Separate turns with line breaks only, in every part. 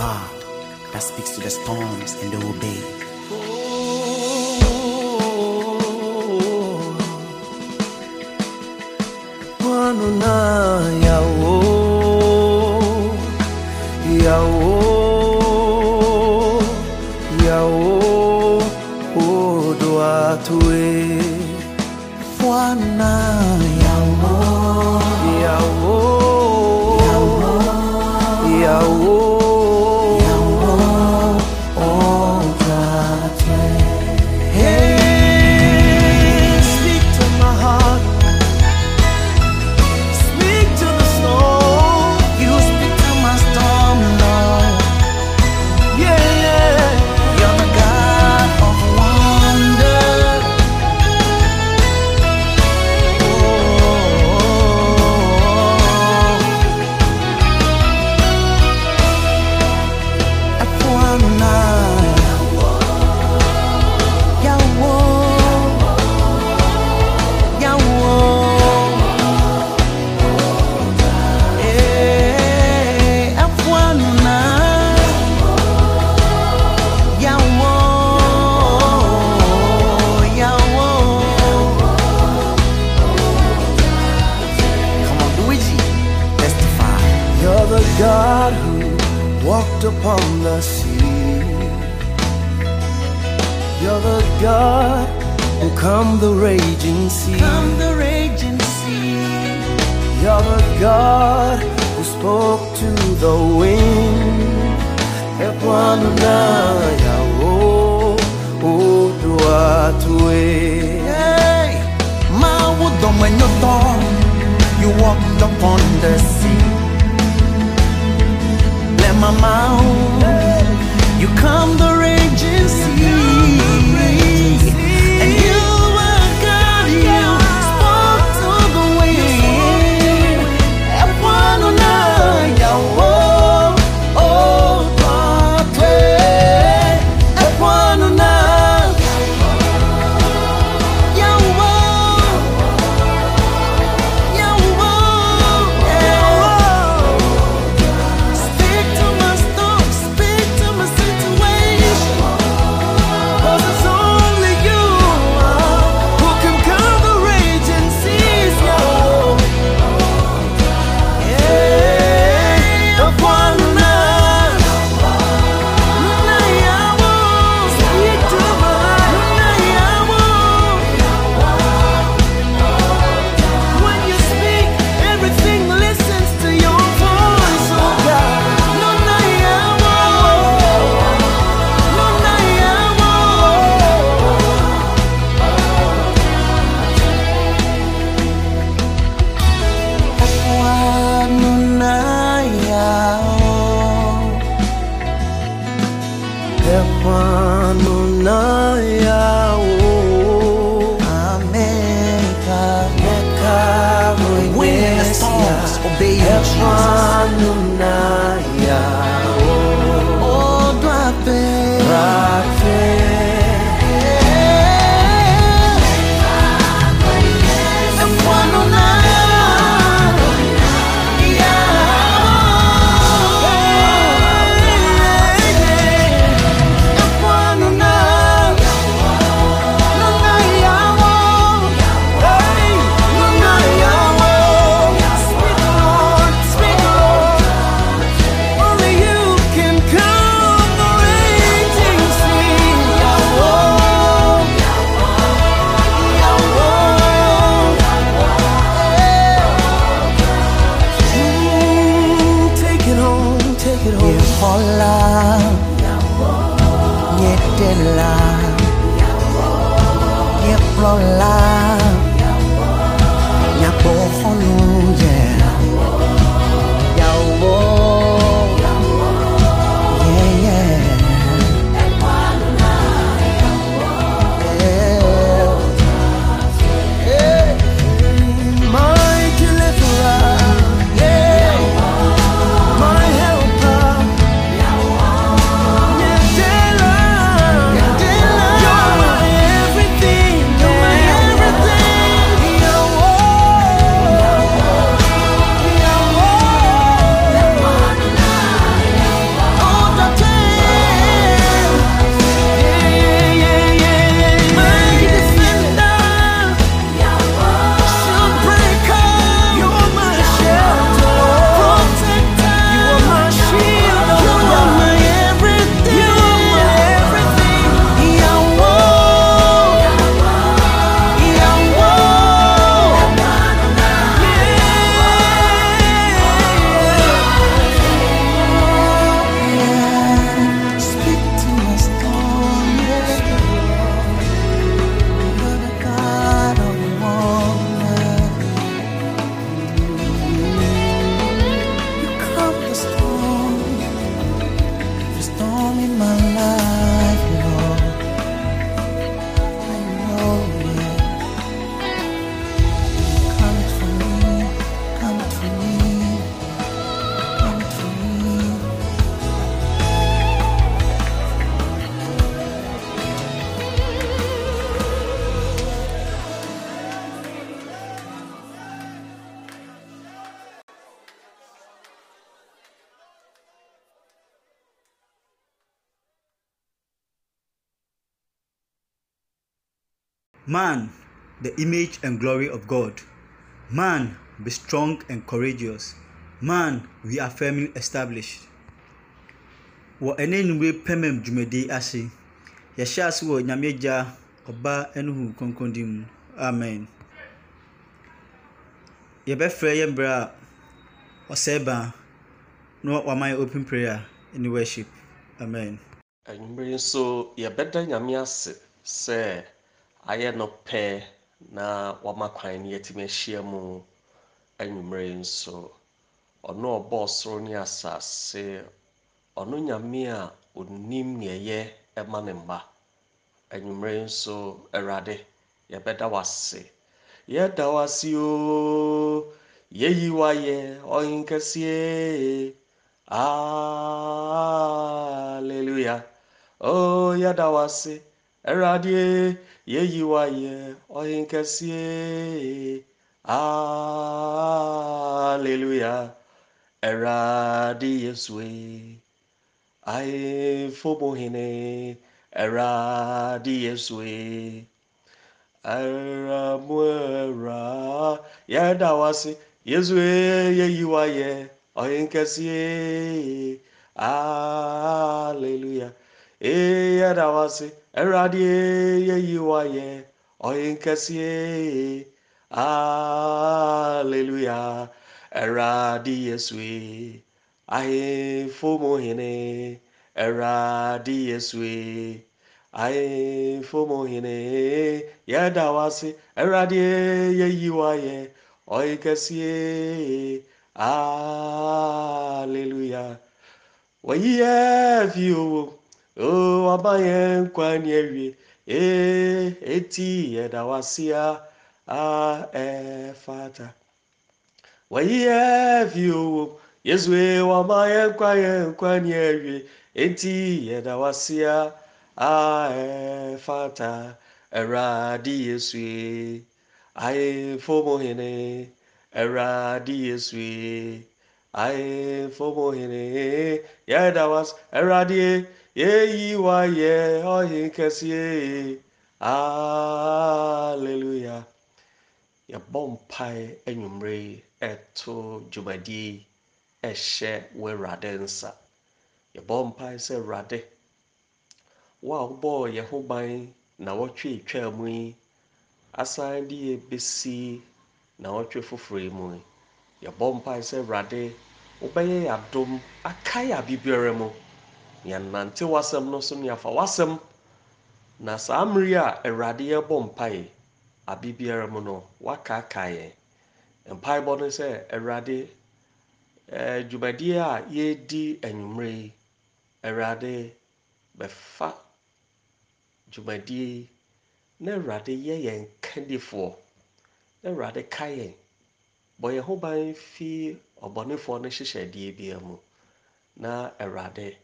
God that speaks to the storms and they obey.
Quando na Yahweh, Yahweh. upon the sea. You're the God who calmed the raging sea. Calm the raging sea. You're the God who spoke to the wind. Oh, oh, o my wood on when you're You walked upon the sea my mouth. You come the raging sea. all I
Man, the image and glory of God. Man, be strong and courageous. Man, we are firmly established. Wɔ ɛne nnumre pɛmɛm dwumadi ase, yɛhyɛ ase wɔ Nyame Agya, Ɔba ne Honhom Kronkron din mu. Amen. Yɛbɛfrɛ yɛn mmerɛ a ɔsɛe ba na wɔama yɛ open prayer ne worship. Amen.
Anwummerɛ yi nso yɛbɛda Nyame ase sɛ ayɛ no pɛ na wama kwan no yɛtumi ahyia mu anwummerɛ yi nso ɔno ɔbɔɔ soro ne asase ɔno nyame a ɔnim neɛ ɛyɛ ma ne mma anwummerɛ yi nso awurade yɛbɛda wase yɛda wase o yɛyi wayɛ ɔhenkɛseɛ aleluya o oh, yɛda wase awurade yeyiwaye ohinkesie hallelujah eradi yesue aifobohine eradi yesue eramuera yadawasi yesue yeyiwaye ohinkesie hallelujah eyadawasi Awurade yɛyi wa yɛ ɔyɛ nkɛseɛ aleluya Awurade yesu yi ahemfo mu hene yesu yi ahemfo mu hene yɛda wo ase Awurade yɛyi wa yɛ ɔyɛ nkɛseɛ aleluya wɔyi owaba yɛn nkwa ne awie ee eti yɛda wase a a ɛfata e, vi owo yesu ee wama yɛn nkwa yɛn eti yɛda wase a a ɛfata ɛwurade yesu ee aye fomo hene ɛwurade yesu e, aye fomo hene yɛda wase ɛwurade ee. eyiwaye ọhịa kesi aleluya yɛbɔ mpae anwummere yi ɛto dwumadie yi ɛhyɛ w'awurade nsa yɛbɔ mpae sɛ awurade wo a wobɔɔ ho ban na wɔtwe twaa mu yi asan de yɛ bɛsi na wɔtwe foforɔ yi mu yi yɛbɔ mpae sɛ awurade adom aka yɛ abibiara mu yɛnnante w'asɛm no so na yɛafa w'asɛm na saa mmere a awurade yɛbɔ mpae abe biara mu no wakaakae yɛn mpaebɔ no sɛ awurade eh, dwumadie a yɛredi anwummerɛ yi awurade bɛfa dwumadie yi na awurade yɛ yɛn kandifoɔ na awurade ka yɛn bɔ yɛn ho ban fi ɔbɔnefoɔ no hyehyɛ hyehyɛdeɛ biara mu na awurade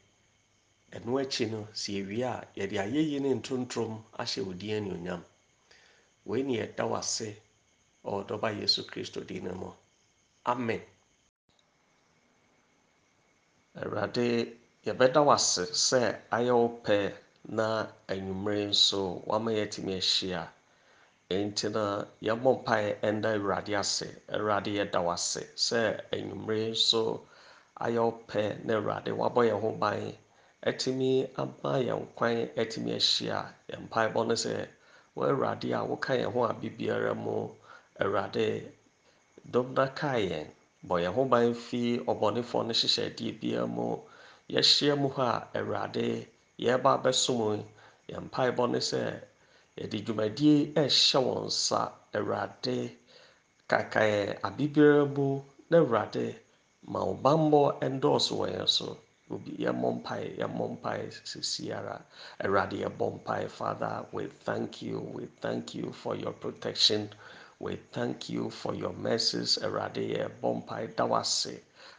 Ɛno akyi no, sɛ yɛwie a, yɛde ayɛyi ne ntontom ahyɛ wo din anuonyam. Wei ne yɛda wo ase Yesu Kristo din no mu. Amen. Awurade, yɛbɛda wo ase sɛ ayɛ wo pɛ na anwummere nso woama yɛatumi ahyia. Enti no, yɛmmɔ mpaeɛ ɛnda Awurade ase. Awurade, yɛda wo ase sɛ anwummere nso ayɛ wo pɛ na Awurade woabɔ yɛn ho ban atumi ama yɛn kwan atumi ahyia a yɛn mpaebɔ no sɛ wɔn awurade a woka yɛn ho a bibiara mu awurade dɔm na kaa yɛn bɔ yɛn ho ban fi ɔbɔnefoɔ no hyehyɛdeɛ biara mu yɛahyia mu hɔ a awurade yɛreba abɛsom yɛn mpaebɔ no sɛ yɛde dwumadie ɛrehyɛ wɔn nsa awurade kakae abibiara mu na awurade ma wo bammɔ wɔ yɛn so obi yɛmmɔ mpae yɛmmɔ mpae sisiara awurade yɛbɔ mpae father we thank you we thank you for your protection we thank you for your mercies awurade yɛbɔ mpae da wase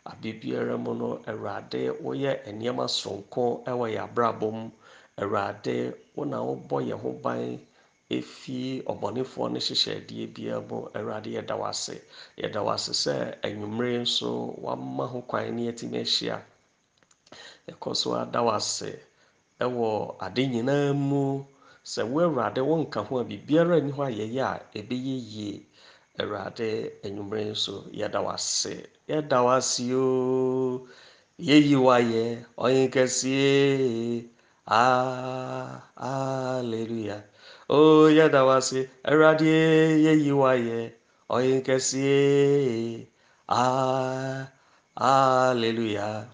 abe biara mu no awurade oh, woyɛ nneɛma sononko ɛwɔ yɛ abrabɔ mu awurade wona oh, wobɔ oh, yɛn ho ban efi ɔbɔnefoɔ no hyehyɛdeɛ biara mu awurade yɛda wase yɛda wase sɛ anwummere nso wama ho kwan ne yɛtumi ahyia. yɛkɔ so ada wo ase ɛwɔ ade nyinaa mu sɛ wo awurade wonka ho a biribiara nni hɔ a yɛyɛ a ɛbɛyɛ yie awurade anwummerɛ yi so yɛda wo ase yɛda wo ase oo yɛyi wo ayɛ ɔyɛ kɛseɛ ah hallelujah oo oh, yɛda wo ase awurade yɛyi wo ayɛ ɔyɛ kɛseɛ ah hallelujah.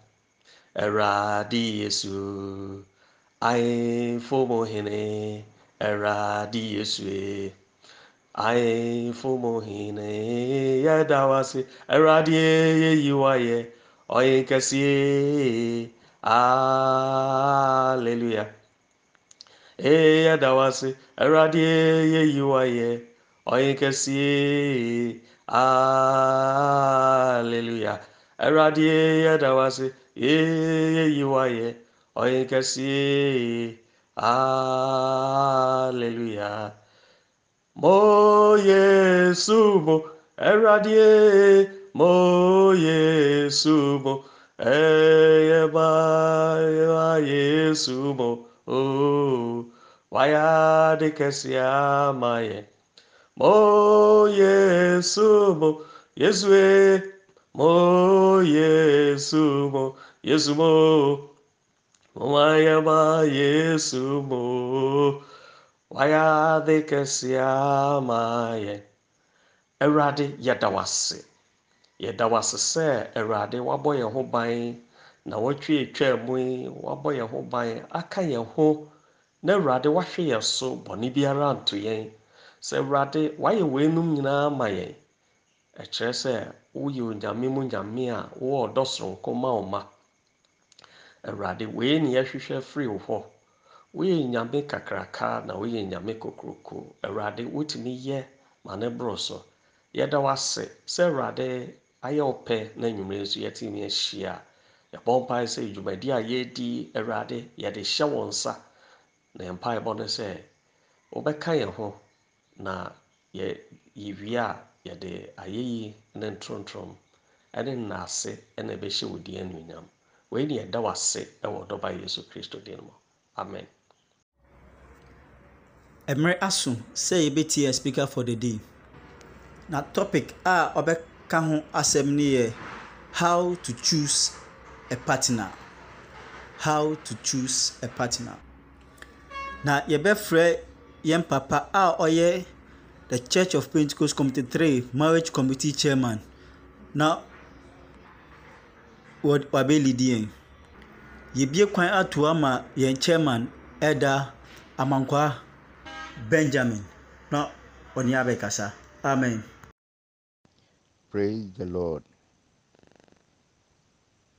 Awurade Yesu ayefo mu hene Yesu ayefo mu hene yɛda wo ase Awurade yɛyi wo ayɛ ɔyɛ kɛseɛ hallelujah yɛda wo ase Awurade yɛyi wo ayɛ ɔyɛ kɛseɛ hallelujah Awurade Yeye you are ye. Oye kasi. Hallelujah. Mo Yesu mo eradie. Mo Yesu mo eye ba Yesu mo. Oh, waya de kasi amaye. Mo Yesu mo Yesu e. mo yesu mo yesu mo waya ma yesu mo waya de kɛse ama yɛ awurade yɛda wase yɛda wase sɛ awurade wabɔ yɛn ho ban na wɔtwe etwa mu yi wabɔ yɛn ho ban aka yɛn ho na awurade wahwe yɛn so bɔne biara nto yɛn sɛ awurade wayɛ wɔn enum nyinaa ma yɛn. ɛkyerɛ sɛ woyɛ onyame mu nyame a wowɔ ɔdɔ soronko ma wo ma awurade wei ne yɛhwehwɛ firi wo hɔ woyɛ nyame kakraka na woyɛ nyame kokoroko awurade wotumi yɛ ma ne borɔ so yɛda wase sɛ awurade ayɛ wo pɛ na nnwumere nso yɛtumi ahyia a yɛbɔ mpae sɛ dwumadi a yɛredi awurade yɛde hyɛ wo nsa na yɛmpaebɔ no sɛ wobɛka yɛn ho na yɛwie a yɛde ayɛyi ne ntorontorom ne nnaase na ɛbɛhyɛ wo din anuonyam wei ne yɛda wase wɔ ɔdɔba yesu
kristo din mu amen mmerɛ aso sɛ yɛbɛtie speaker for the day na topic a ɔbɛka ho asɛm no yɛ how to choose a partner how to choose a partner na yɛbɛfrɛ yɛn papa a ɔyɛ the Church of Pentecost Committee Three Marriage Committee Chairman na wabɛlidi yɛn yɛbie kwan ato ama yɛn chairman ɛda amankwa Benjamin na ɔne abɛkasa amen.
Praise the Lord.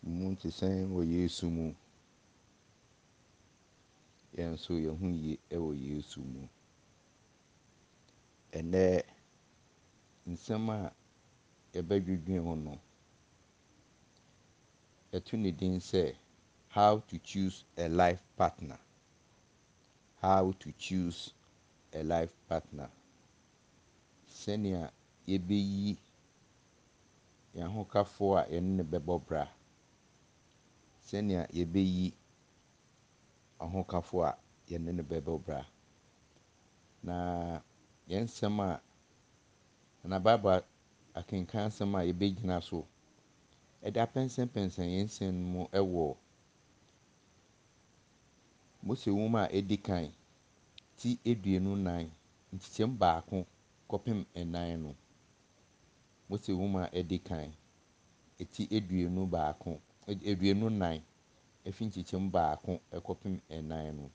mu nte sɛn wɔ yesu mu yɛn nso yɛn ho yie wɔ yesu mu. ɛnɛ nsɛm a yɛbɛdwidwen ho no ɛto ne din sɛ how to chose a life partner how to chse a life partner sɛnea yɛbɛyi yɛhokafoɔ a yɛne ne bɛbɔ bra sɛnea yɛbɛyi ɔhokafoɔ a yɛne ne bɛbɔ bra na yɛn nsɛm a na akenkan a yɛbɛgyina so. Ɛde apɛnsɛmpɛnsɛn yɛn nsɛm no mu ɛwɔ Mose nwoma a ɛdi kan ti aduonu nan, nkyɛn baako kɔpem nnan no. Mose nwoma a ɛdi no.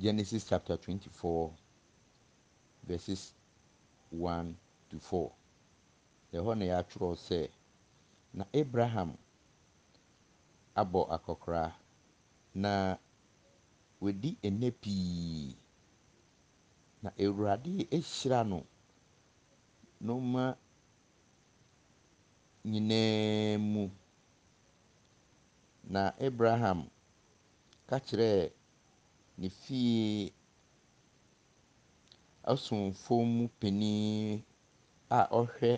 Genesis chapter 24, verses 1 to 4. Ɛhɔ na yɛatwerɛ sɛ, na Abraham abɔ akɔkora, na wadi nne pii. Na Awurade ahyira no nneɛma nyinaa mu. Na Abraham ka kyerɛɛ Ne fie ɔsomfo mu panin a ɔhwɛ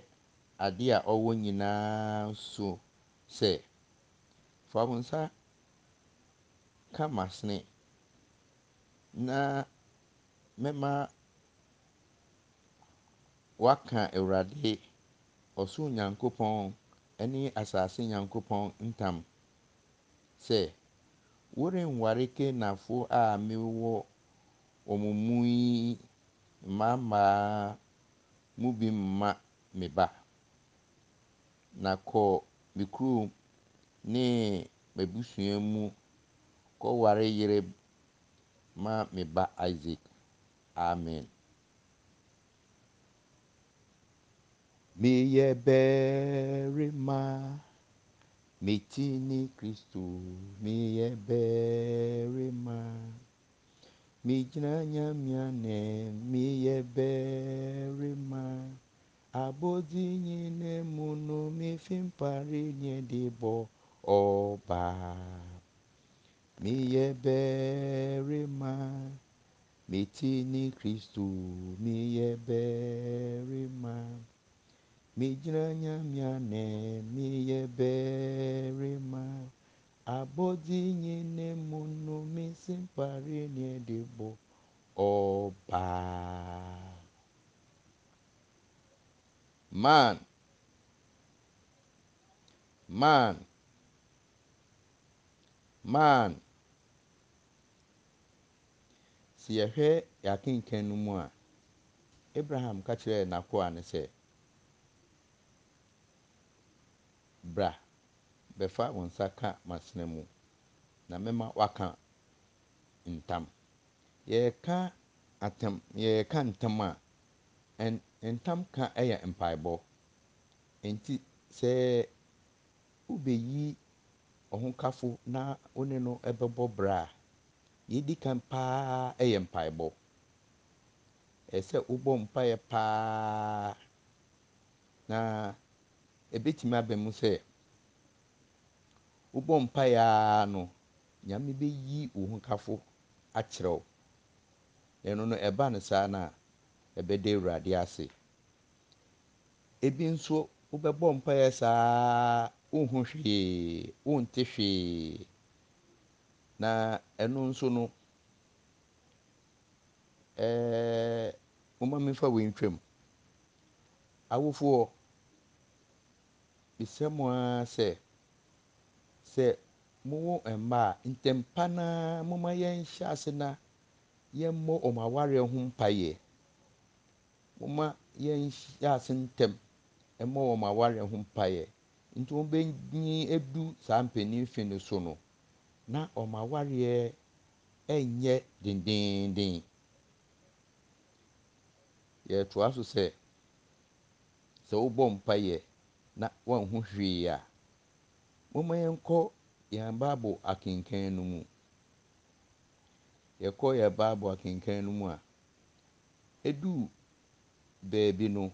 adeɛ a ɔwɔ nyinaa so sɛ, fa wo nsa ka m'asene na mɛma wɔaka Awurade, ɔsoro Nyankopɔn ne asase Nyankopɔn ntam sɛ, Ore enwarike nafuu amiwo omumui mama mubi mma me ba. Na kɔ me kurom ne m'abusua mu kɔware yere ma me ba Isak. Amen. Meyɛ Mitini Kristo miyeberema Migyina nyamiane miyeberema Abodi nyine munu mifimpari nyedebo ọba miyeberema Mitini Kristo miyeberema. mejiri anya mịa na-eme ihe ebere ma abọdịnyene mụnụ mesi mpari n'edigbo ọba man man man sɛ yɛhwɛ yɛakenkan no mu a abraham ka na n'akoa ne sɛ bra bɛfa wo nsa ka m'asene mu na mɛma woaka ntam. Yɛreka atam yɛreka ntam a, ɛn ntam ka yɛ mpaebɔ. Nti sɛ wobeyi ɔhokafo na wo ne no bɛbɔ bra a, deɛ ɛdi kan pa ara yɛ mpaebɔ. Ɛsɛ wobɔ mpaeɛ pa na ɛbɛtumi aba mu sɛ wobɔ mpaeɛ ara no nyame bɛyi wo hokafo akyerɛ wo ɛno no ɛba no saa no a ɛbɛda awurade ase ebi nso wobɛbɔ mpaeɛ saa wonhu hwee wonte hwee na ɛno nso no ɛɛ moma memfa wei ntwam awofoɔ bisaa mu ara sɛ sɛ mowɔ mmaa a ntɛm pa no ara momma yɛnhyɛ ase na yɛmmɔ wɔn awareɛ ho mpaeɛ. Momma yɛnhyɛ ase ntɛm mmɔ wɔn awareɛ ho mpaeɛ. Nti wɔbɛnyin aduru saa mpanimfo no so no, na wɔn awareɛ nyɛ dennennen. Yɛtoa so sɛ, sɛ wobɔ mpaeɛ na wɔnho hwee a momma yɛnkɔ yɛn Bible akenkan no mu. Yɛkɔɔ yɛn a, ɛduu baabi no,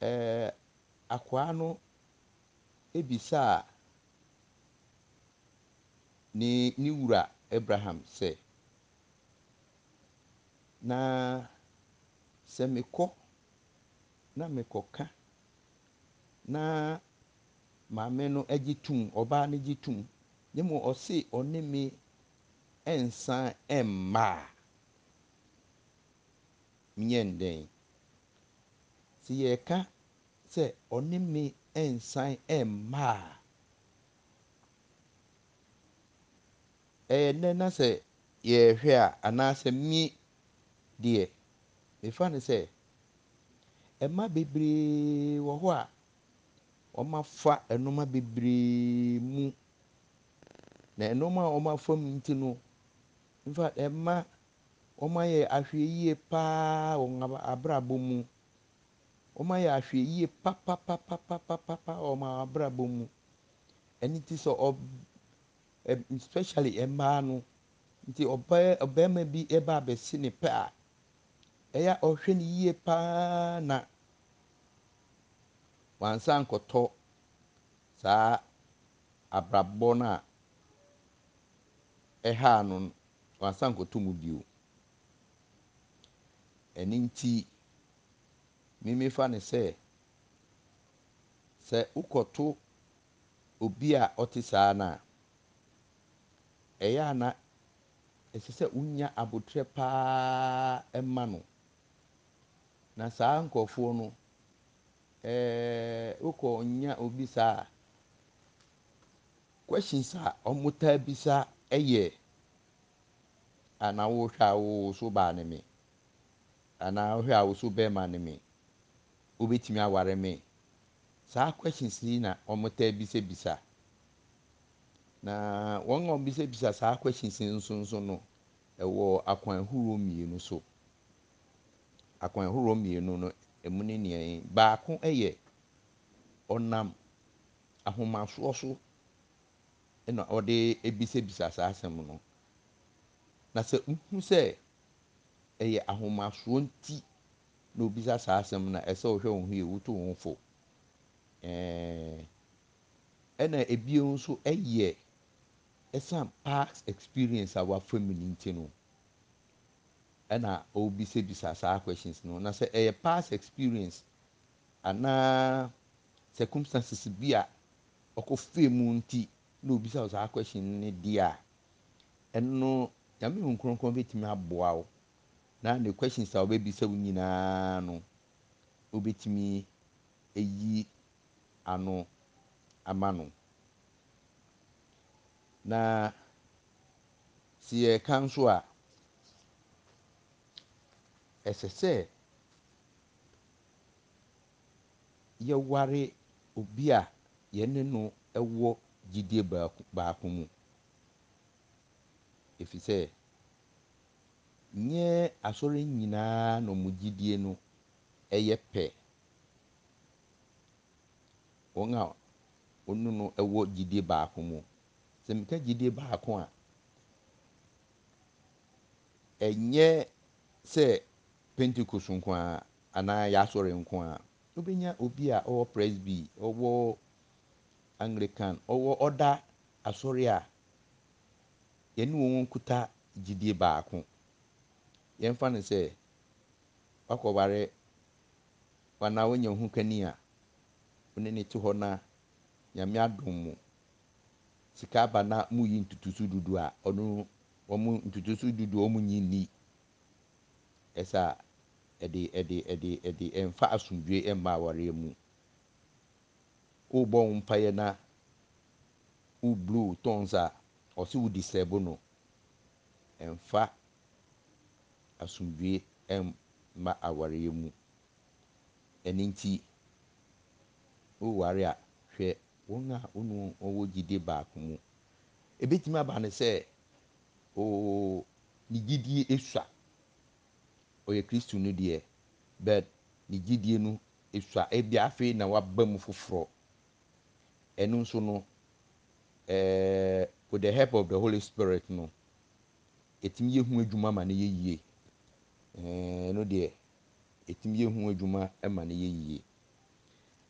ɛɛ akwaa no Abraham sɛ, na sɛ mekɔ na mekɔka na maame no agye tom ɔbaa no agye tom na mmom ɔse ɔne me nsan mma a menyɛ ndɛn sɛ sɛ ɔne me nsan mma ɛyɛ nnɛ na sɛ yɛrehwɛ a anaasɛ me deɛ mefa no sɛ mma bebree wɔ hɔ a wɔafa nneɛma bebree mu. Na nneɛma a wɔafa mu nti no, infact mma wɔayɛ ahwɛyie pa ara wɔ wɔn abrabɔ mu. Wɔayɛ ahwɛyie papapapapapa wɔ wɔn abrabɔ mu. Ɛno nti sɛ ɔb ɛb especially mmaa no, nti ɔbaa ɔbarima bi ba abɛsi ne pɛ a, ɛyɛ a ɔhwɛ no yie pa na wɔansan kɔtɔ saa abrabɔ no a ɛhaa no no wɔansan kɔtɔ mu bio. Ɛno nti, memefa no sɛ, sɛ wokɔto obi a ɔte saa no a, ɛyɛ a na ɛsɛ sɛ wonya abotire paa ma no. Na saa nkurɔfoɔ no, ɛɛ wokɔ nya obi saa questions a ɔmotaa bisa ɛyɛ anaa wohwɛ a woso baa ne me anaa wohwɛ a woso bɛrima ne me wobɛtumi aware me saa questions yi na ɔmotaa bisabisa na wɔn a wɔbisabisa saa questions nso nso no ɛwɔ akwan ahorow mmienu so akwan ahorow mmienu no ɛmu ne nea yi baako yɛ ɔnam ahomasoɔ so na ɔde ebisabisa saa asɛm no na sɛ nhu sɛ ɛyɛ ahomasoɔ nti na obisa saa asɛm na ɛsɛ ɔhwɛ wɔn ho yie wotu wɔn fo ɛɛɛ ɛna ebien nso yɛ ɛsan past experience a wafa mu ne nti no ɛna ɔrebisabisa saa questions no na sɛ ɛyɛ past experience anaa circumstances bi a ɔkɔ fee mu nti na obisa wɔ saa question ne deɛ a ɛno nyame hu nkronkron bɛtumi aboa wo na ne questions a wɔbɛbisa wo nyinaa no wobɛtumi ayi ano ama no na sɛ yɛka nso a ɛsɛ sɛ yɛware obi a yɛne no wɔ gyidie baako baako mu ɛfiri sɛ nyɛ asɔre nyinaa na wɔn gyidie no yɛ pɛ wɔn a wɔne no wɔ gyidie baako mu sɛ meka gyidie baako a ɛnyɛ sɛ pentikos nko a anaa yɛasɔre nko a wobɛnya obi a ɔwɔ presby ɔwɔ anglican ɔwɔ ɔda asɔre a yɛne wɔn kuta gyidie baako yɛmfa no sɛ wakɔware wanaa wonya ho kani a wone ne te hɔ na nyame adom mu sika aba na muyi ntutusu dudu a ɔno wɔn ntutusu dudu a wɔn nyi ni ɛsa ɛde ɛmfa asomdwe mma awareɛ mu wobɔ wo mpaeɛ na woblu tons a ɔse wodi sɛbo no ɛmfa asomdwe mma awareɛ mu ɛno nti woware a hwɛ wɔn a wɔn wɔwɔ gyidie baako mu ebetumi aba ne sɛ ooo ne gyidie esua. ɔyɛ kristu no deɛ but ne gyidie no esua ebi afei na waba mu foforɔ ɛno nso no ɛɛɛ eh, the help of the holy spirit no etimi yɛ hu adwuma ma ne yɛ yie ɛɛɛ no deɛ etimi yɛ hu adwuma ma ne yɛ yie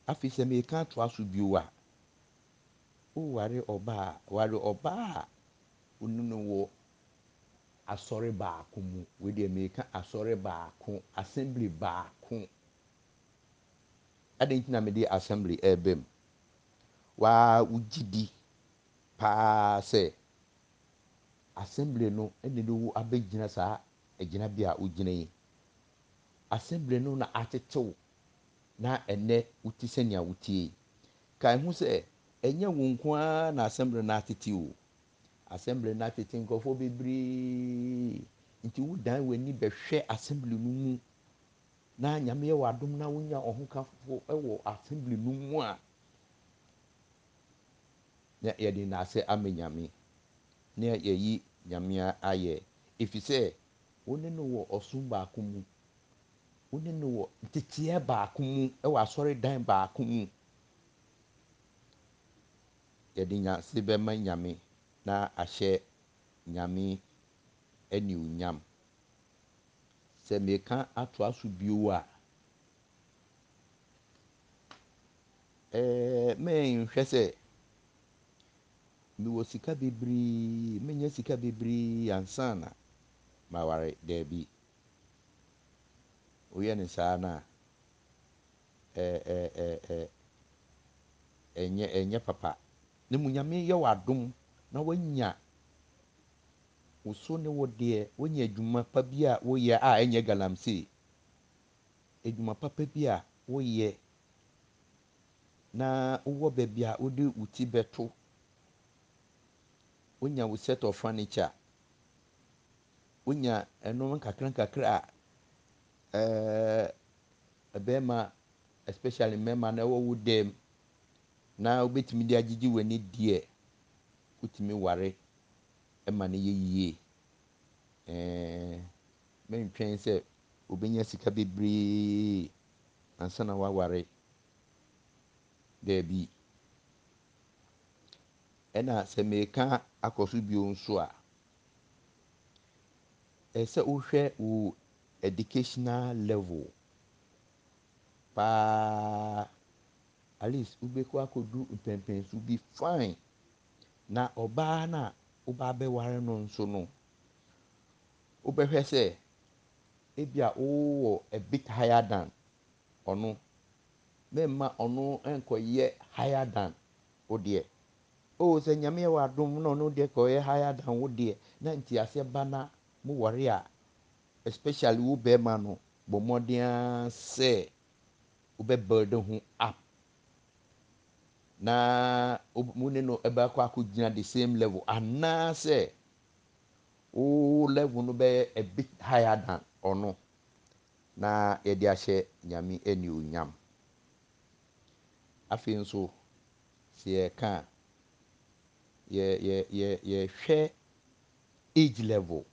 afei sɛ mɛka atoa so bio a oware ɔbaa ware ɔbaa a wɔ asɔre baako mu wei deɛ mmirika asɔre baako assembly baako adi nti na mede assembly ɛreba mu waa wogye di paa sɛ assembly no ɛna de wo abɛgyina saa ɛgyinabea a wogyina yi assembly no na atetew na ɛnɛ wote sɛnea wotie yi ka ɛho sɛ ɛnyɛ wɔn nko ara na assembly no atete o. assembly na apete nkurɔfoɔ bebree nti wodan w'ani bɛhwɛ assembly no mu na nyame yɛ w'adom na wonya ɔhokafoɔ wɔ assembly no mu a na yɛde ama nyame na yɛyi nyame ayɛ ɛfiri wone no wɔ ɔsom baako mu wone no wɔ teteɛ baako mu asɔredan baako mu yɛde na ahyɛ nyame anuonyam. Sɛ mereka atoa so bio a, ɛɛɛ menhwɛ sɛ mewɔ sika bebree, menya sika bebree ansa na maware, daabi. Woyɛ no saa no a, ɛɛ ɛɛ ɛɛ ɛnyɛ ɛnyɛ papa. Na mmom, Nyame yɛ wo adom na wanya wɔsuo ne wɔdeɛ wɔanya adwuma pa bi a wɔyɛ a ɛnyɛ galamsey adwuma papa bi a wɔyɛ na wowɔ baabi a wode wo ti bɛto wonya wo set of furniture wonya ɛnom nkakra nkakra a ɛɛ especially mmarima na ɛwɔ wo dan na wobɛtumi de agyegye w'ani deɛ wotumi ware ma no yɛ yie. Ɛɛɛ eh, mentwɛn sɛ wobɛnya sika bebree ansa na waware, Dabi. Ɛna sɛ mereka akɔ so bio nso a, ɛsɛ wohwɛ wo educational level pa ara. Atleast wobɛkɔ akɔduru mpɛmpɛnsu bi fine. na ɔbaa no a ɔba no nso no, wobɛhwɛ sɛ ebi a ɔwɔ a higher than ɔno, meremma ɔno nkɔyɛ higher than wo deɛ. Oh, sɛ Nyame yɛ w'adom na ɔno deɛ kɔyɛ higher than wo deɛ, na nteaseɛ ba na a, especially wo no, bɔ mmɔden sɛ ho up. na mu ne no ɛbɛkɔ akɔgyina the same level anaasɛ wo level no bɛyɛ a bit higher than ɔno na yɛde ahyɛ nyame ani onyam afei nso sɛ yɛka a yɛhwɛ age level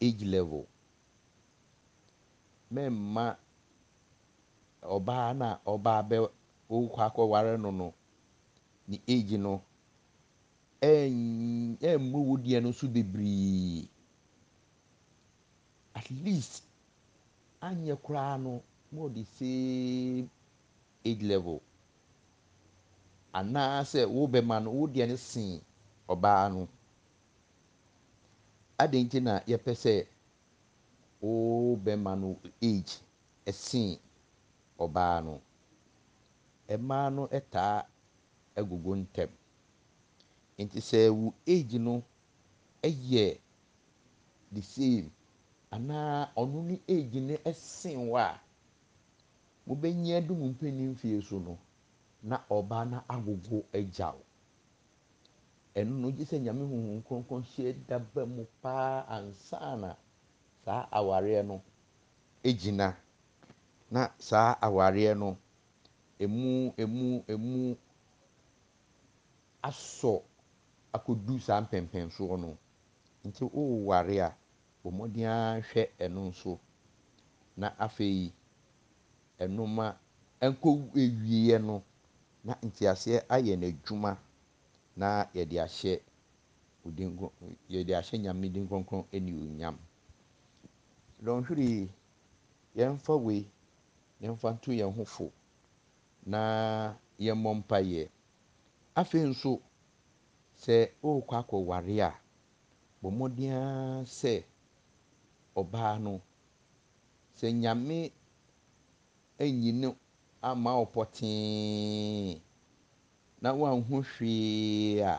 age level mɛmma ɔbaa na ɔbaa bɛ kwa akɔware no no ne age no ɛmmu wo deɛ no nso bebree at least anyɛ koraa no more the same age level anaasɛ wo bɛma no wo deɛ no sen ɔbaa no adeɛ nti na yɛpɛ sɛ wo bɛma no age ɛsen ɔbaa no. mmaa no taa gugu ntɛm. Nti sɛ wo age no yɛ the same anaa ɔno ne age no sen wo a, wobɛnyi adum mpanin mfeɛ so no, na ɔbaa no agogo agya wo. Ɛno no, gye sɛ Nyame Honhom Kronkron hyɛ da mu pa ara saa awareɛ no gyina. Na saa awareɛ no, emu emu emu asɔ akɔdu saa mpɛmpɛnsoɔ no nti woware a bɔ mmɔden ara hwɛ ɛno nso na afei ɛno ma ewie ewieɛ no na nteaseɛ ayɛ n'adwuma na yɛde ahyɛ odin nko yɛde ahyɛ nyame din kronkron ɛne onyam dɔnhwere yɛmfa wei yɛmfa nto yɛn ho fo na yɛmmɔ mpaeɛ afei nso sɛ ɔrekɔ akɔware a bɔ mmɔden sɛ ɔbaa no sɛ nyame ayi no ama wo pɔtee na woanhu hwee a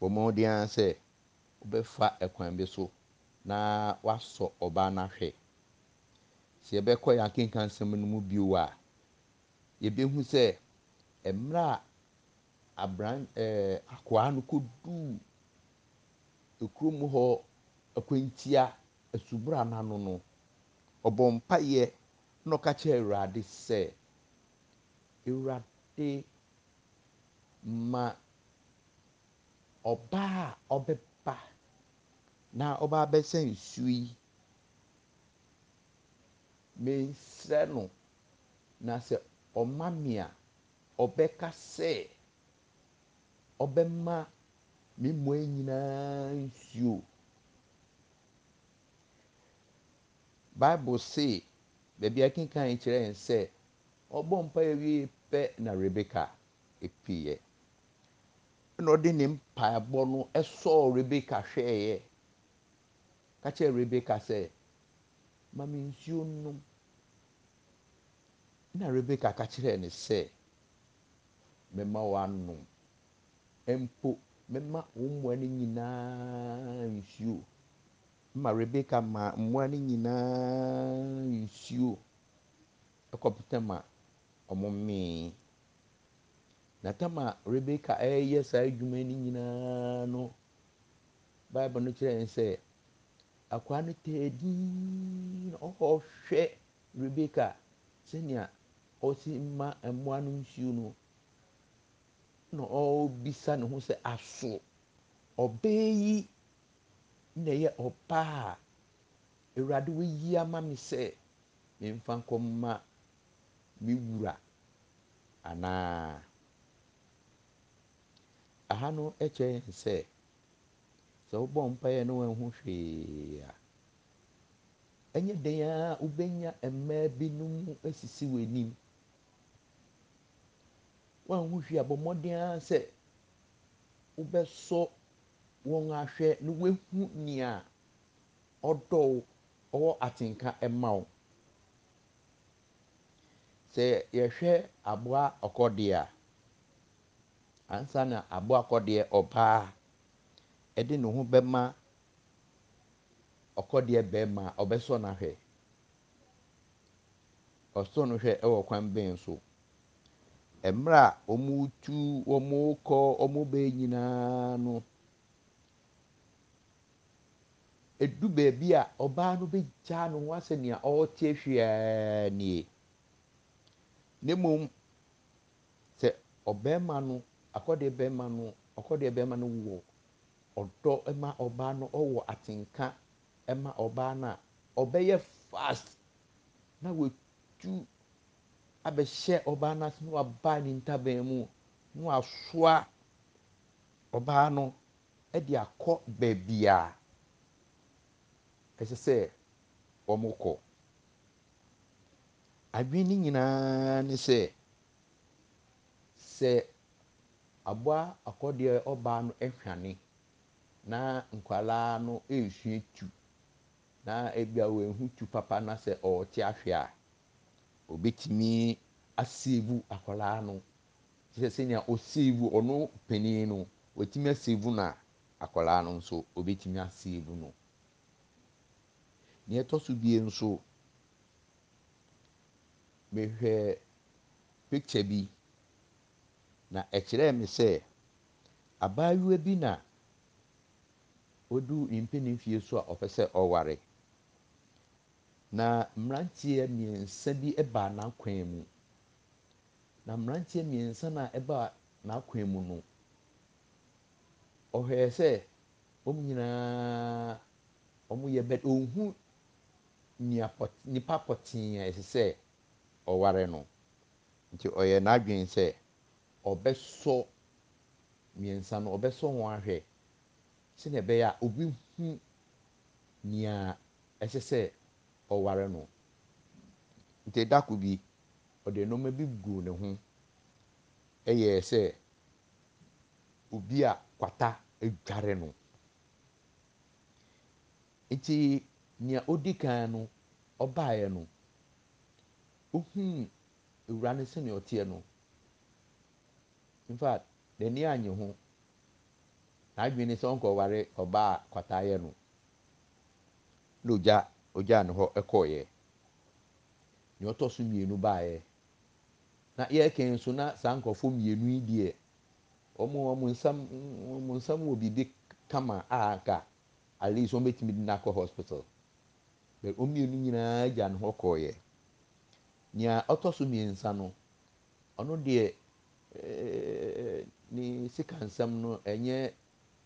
bɔ mmɔden sɛ wobɛfa kwan bi so na woasɔ ɔbaa no ahwɛ. Sɛ yɛbɛkɔ yɛ akenka nsɛm no mu bio a, yɛbɛhu sɛ mmerɛ a abran ɛɛ eh, akwaa no kɔduu kurom hɔ akwanhyia asubura no no, ɔbɔ mpaeɛ na ɔka kyerɛɛ Awurade sɛ, Awurade ma ɔbaa a ɔbɛba na ɔbaa bɛsɛ nsuo yi, mesrɛ no na sɛ ọma a ɔbɛka sɛ ɔbɛma me mmoa nyinaa nsuo. Bible se, beebi akeka yɛkenkan kyerɛ yɛn sɛ, ewie mpaeɛ pɛ na Rebeka puiɛ. Ɛna ɔde ne mpaeɛbɔ no sɔɔ Rebeka hwɛeɛ ka kyerɛɛ Rebeka sɛ, ma nsuo nnom. na rebeka ka kyerɛɛ no sɛ mɛma woanom mpo mɛma wo mmoa no nyinaa nsuo ma rebeka ma mmoa no nyinaa nsuo ɛkɔpem a wɔn mee na tam a rebeka ɛreyɛ saa adwuma no nyinaa no bible no kyerɛ yɛn sɛ akwadaa no taa dinn na ɔhwɛ rebeka sɛnea ɔsi ma mmoa no nsuo no na ɔrebisa ne ho sɛ aso ɔbaa yi na ɛyɛ ɔbaa a awurade wayi ama me sɛ memfa nkɔma me wura anaa aha no kyerɛ yɛn sɛ sɛ wobɔ mpaeɛ na woanhu hwee a ɛnyɛ den ara wobɛnya mmaa binom asisi w'anim wɔahu hwi abɔ sɛ wobɛsɔ wɔn ahwɛ na woahu nea ɔdɔ wo ɔwɔ atenka ma wo sɛ yɛhwɛ aboa ɔkɔdeɛ a ansa na aboa ɔkɔdeɛ ɔbaa ɛde ne ho bɛma ɔkɔdeɛ barima ɔbɛsɔ n'ahwɛ ɔsɔ no hwɛ kwan bɛn mmerɛ a wɔretu wɔrekɔ wɔn baeɛ nyinaa no, edu beebi a ɔbaa no bɛgyaa ne ho asɛ nea ɔrete hwee nie. Na mmom, sɛ ɔbarima no, akɔdeɛ barima no, akɔdeɛ barima no wɔ ɔdɔ ma ɔbaa no, ɔwɔ atenka ma ɔbaa no a, ɔbɛyɛ fast na watu abɛhyɛ ɔbaa n'ase na waba ne ntaban mu na wasoa ɔbaa no de akɔ beebi a ɛsɛ sɛ wɔkɔ adwene no nyinaa ne sɛ sɛ aboa akɔdeɛ ɔbaa no hwane na nkwadaa no resua tu na ebi a wɔn ho tu papa na sɛ ɔrete ahwɛ a. obetumi aseivu akwadaa no kyerɛ sɛnea oseivu ɔno panin no na akwadaa no nso obetumi aseivu no ɛtɔ so bie nso mehwɛ picture bi na ɛkyerɛ me sɛ abaayewa bi na odu mpanimfie so a ɔpɛ Na mmeranteɛ mmeɛnsa bi baa n'akwan mu, na mmeranteɛ mmeɛnsa na ɛbaa wɔbaa n'akwan mu no, ɔhwɛɛ sɛ wɔn nyinaa wɔyɛ but ɔnhu nea pɔt nnipa pɔtee a ɛsɛ sɛ ɔware no. Nti ɔyɛ n'adwene sɛ ɔbɛsɔ mmeɛnsa no, ɔbɛsɔ wɔn ahwɛ na ɛbɛyɛ a, obi obihu nea ɛsɛ sɛ ɔware no nti dako bi ɔde nneɛma bi gu ne ho yɛ sɛ obi a kwata adware no nti nea odi kan no ɔbaeɛ no ohun ewura no sɛnea ɔteɛ no infact n'ani annye ho n'adwene ne sɛ ɔnkɔware ɔbaa a kwata ayɛ no na ogyaa no hɔ kɔɔeɛ deɛ ɔtɔ so mmienu baeɛ na yɛrekɛn nso na saa nkurɔfoɔ mmienu yi deɛ wɔn wɔn nsam wɔn nsam wɔ biribi kama a aka at least wɔn bɛtumi de n'akɔ hospital but wɔn mmienu nyinaa gya ne ho kɔɔeɛ nea ɔtɔ so mmiɛnsa no ɔno deɛ ɛɛɛ ne sika nsɛm no ɛnyɛ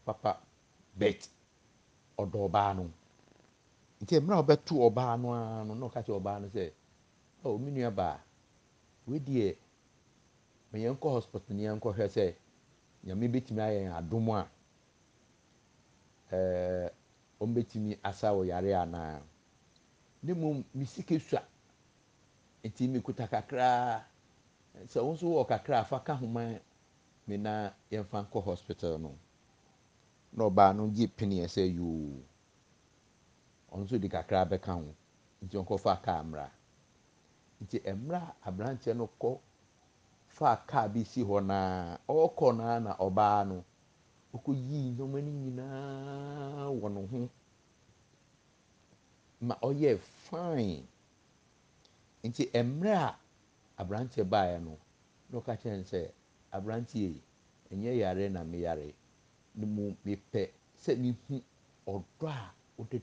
papa bet ɔdɔ ɔbaa no. nti mmerɛ a wɔbɛto ɔbaa no ara no na ɔka kyerɛ ɔbaa no sɛ ɔɔ me nua baa wedeɛ ma yɛnkɔ hospital na yɛnkɔhwɛ sɛ nyame bɛtumi ayɛ yɛn a ɛɛ wɔmbɛtumi asa wɔ yare anaa ne mmom me sika sua nti mekuta kakraa sɛ wo nso wɔ kakra afa ka homan me na yɛmfa nkɔ hospital no na ɔbaa no gye peneɛ sɛ yoo ɔno nso de kakra bɛka ho nti ɔnkɔfa kaa mmra nti mmra aberanteɛ no kɔ fa kaa bi si hɔ naa ɔrekɔ naa na ɔbaa no ɔkɔyii nneɛma no nyinaa wɔ ne ho ma ɔyɛɛ fine nti mmerɛ a aberanteɛ baeɛ no na ɔka kyerɛ no sɛ aberanteɛ yi ɛnyɛ yare na meyare na mmom mepɛ sɛ mehu ɔdɔ a wode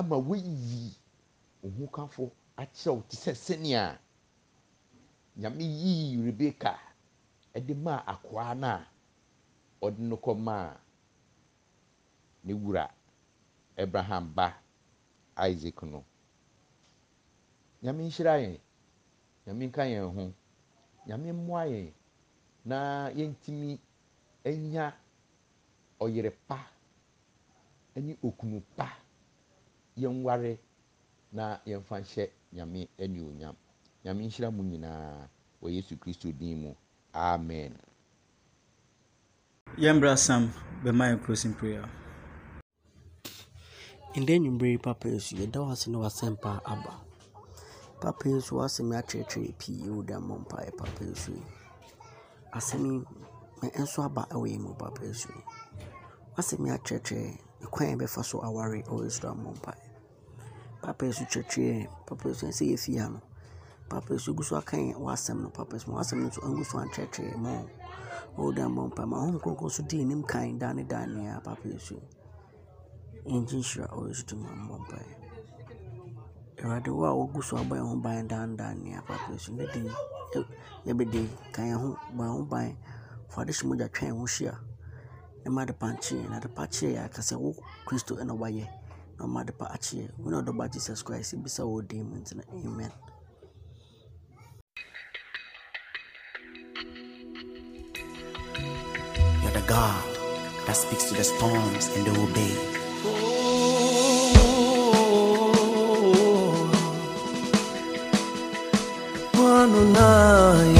ama woayiyi wo ho kamfo akyerɛ wo te sɛ sɛnea nyame yii rebeka de maa akoa no ɔde no kɔmaa ne wura abraham ba isaac no nyame nhyira yɛn nyame nka yɛn ho nyame mmoa yɛn na yɛntumi anya ɔyere pa ne okunu pa yɛnware na yɛmfa nhyɛ nyame anuonyam nyame nhyira mu nyinaa wɔ yesu kristo din mu amen
yɛmbra sam bɛma yɛ closing prayer ndɛ nwummere yi papa yesu yɛda wase ne wasɛmpa aba papa yesu wasɛm akyerɛkyerɛ pii ɛwɔ da mmɔ mpaeɛ papa yesu asɛm yi na ɛnso aba ɛwɔ yɛ mu papa yesu wasɛm akyerɛkyerɛ ɛkwan yɛbɛfa so aware ɛwɔ yesu da mmɔ mpaeɛ papa yi so kyerɛkyerɛɛ papa yi so sɛ yɛfi ha no papa yi so gu so akan w'asɛm no papa yi so w'asɛm no nso angu so ankyerɛkyerɛ ma ɔwɔ dan bɔ mpa ma so dii nim kan daa ne daa nea papa yi so yɛngye nhyira ɔyɛ so tumi ambɔ mpa yi awurade wo a wogu so abɔ yɛn ho ban daa daa nea papa yi so ne din yɛbɛde ka yɛn ho bɔ yɛn ho ban fa de hyɛ mogya twɛn ho hyia ne ma de pa nkyɛn na de pa kyerɛ yɛ aka sɛ wo kristo ɛna wɔayɛ ɔmmadepa akyeɛ wo ne ɔdɔba jesus christ bisa wɔ din mu amen You're the God that speaks to the storms and they obey.
Oh, oh, oh, oh.